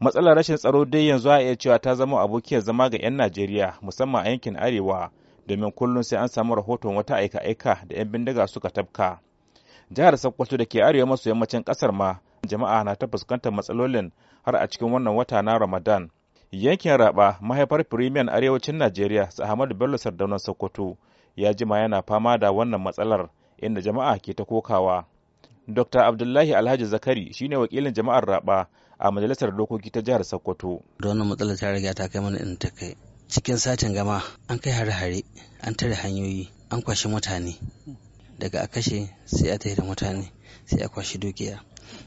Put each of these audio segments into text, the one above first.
matsalar rashin tsaro dai yanzu a iya cewa ta zama abokiyar zama ga 'yan najeriya musamman a yankin arewa domin kullum sai an samu rahoton wata aika-aika da 'yan bindiga suka tabka jihar sokoto da ke arewa maso yammacin kasar ma jama'a na ta fuskantar matsalolin har a cikin wannan wata na ramadan yankin raba mahaifar firimiyan arewacin najeriya ahmadu bello sardaunan sokoto ya jima yana fama da wannan matsalar inda jama'a ke ta kokawa Dr. Abdullahi Alhaji Zakari shi ne wakilin jama'ar Raba a majalisar dokoki ta jihar Sokoto. Da wannan matsalar ta riga ta kai mana in ta kai. Cikin satin gama an kai hare-hare, an tare hanyoyi, an kwashe mutane. Daga a kashe sai a tare mutane, sai a kwashe dukiya.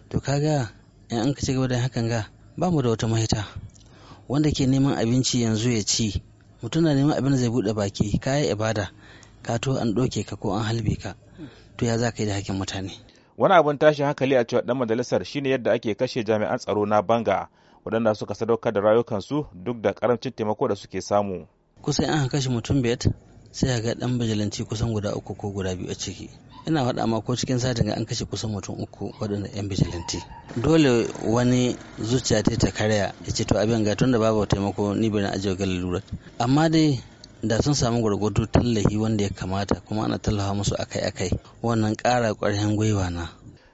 To ga in an ci gaba da hakan ga ba mu da wata mahita. Wanda ke neman abinci yanzu ya ci, mutum na neman abin da zai buɗe baki, kayan ibada, ka to an ɗauke ka ko an halbe ka. To ya za ka yi da hakin mutane. wani abin tashin hankali a cewa dan majalisar shine yadda ake kashe jami'an tsaro na banga waɗanda suka sadaukar da rayukansu duk da karamcin taimako da suke samu kusan an kashe mutum biyar sai ga dan bijilanci kusan guda uku ko guda biyu a ciki ina faɗa ma ko cikin satin an kashe kusan mutum uku waɗanda yan bijilanti dole wani zuciya ta ta karya ya ce to abin ga tun da babu taimako ni bari ajiye ga amma dai da sun samu gwargwado tallahi wanda ya kamata kuma ana tallafa musu akai-akai wannan ƙara ƙwarin gwiwa na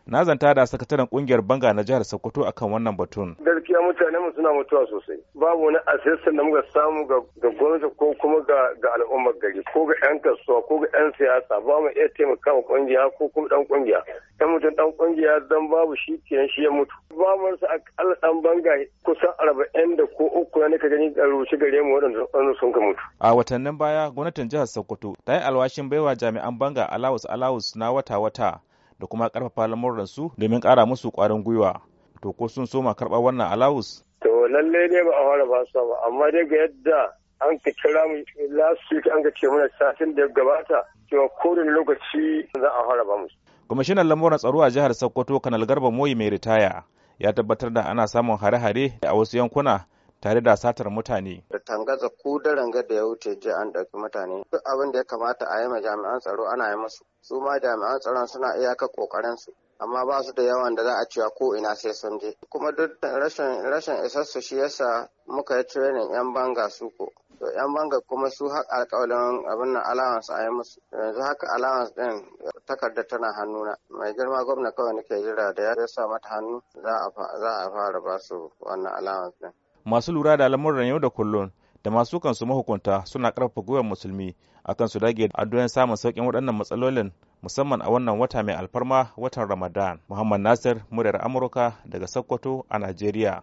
na zanta da sakataren kungiyar banga na jihar sokoto akan wannan batun gaskiya mutane mu suna mutuwa sosai babu wani asirsan da muka samu ga gwamnati ko kuma ga al'ummar gari ko ga yan kasuwa ko ga yan siyasa ba mu iya taimaka kungiya ko kuma dan kungiya dan mutum dan kungiya dan babu shi kenan shi ya mutu mu sa akalla dan banga kusan arba'in da ko uku ne ka gani a rubuce gare mu waɗanda sun ka mutu a watannin baya gwamnatin jihar sokoto ta yi alwashin baiwa jami'an banga alawus alawus na wata-wata da kuma karfafa lamuransu domin kara musu kwarin gwiwa to ko sun soma karba wannan alawus to lalle ne ba a fara ba su ba amma dai ga yadda an ka kira mu last week an ka ce mana satin da gabata cewa kowane lokaci za a fara ba mu kwamishinan lamuran tsaro a jihar sokoto kanal garba moyi mai ritaya ya tabbatar da ana samun hare-hare a wasu yankuna tare da satar mutane. Da tangaza ku da ranga da ya wuce jiya an ɗauki mutane. Duk abin da ya kamata a yi ma jami'an tsaro ana yi musu. Su ma jami'an tsaron suna iyaka ƙoƙarin su. Amma ba su da yawan da za a cewa ko ina sai sun je. Kuma duk rashin rashin isassu shi yasa muka yi training 'yan banga su ko. To 'yan banga kuma su haka alƙawalin abin nan allowance a yi musu. Yanzu haka allowance ɗin takarda tana hannuna. Mai girma gwamna kawai nake jira da ya sa mata hannu za a fara ba su wannan allowance ɗin. masu lura da lamuran yau da kullum da masu kansu mahukunta suna karfafa gwiwar musulmi akan su dage addu'an samun sauƙin waɗannan matsalolin musamman a wannan wata mai alfarma watan Ramadan. Muhammad Nasir, muryar Amurka daga Sokoto a Najeriya.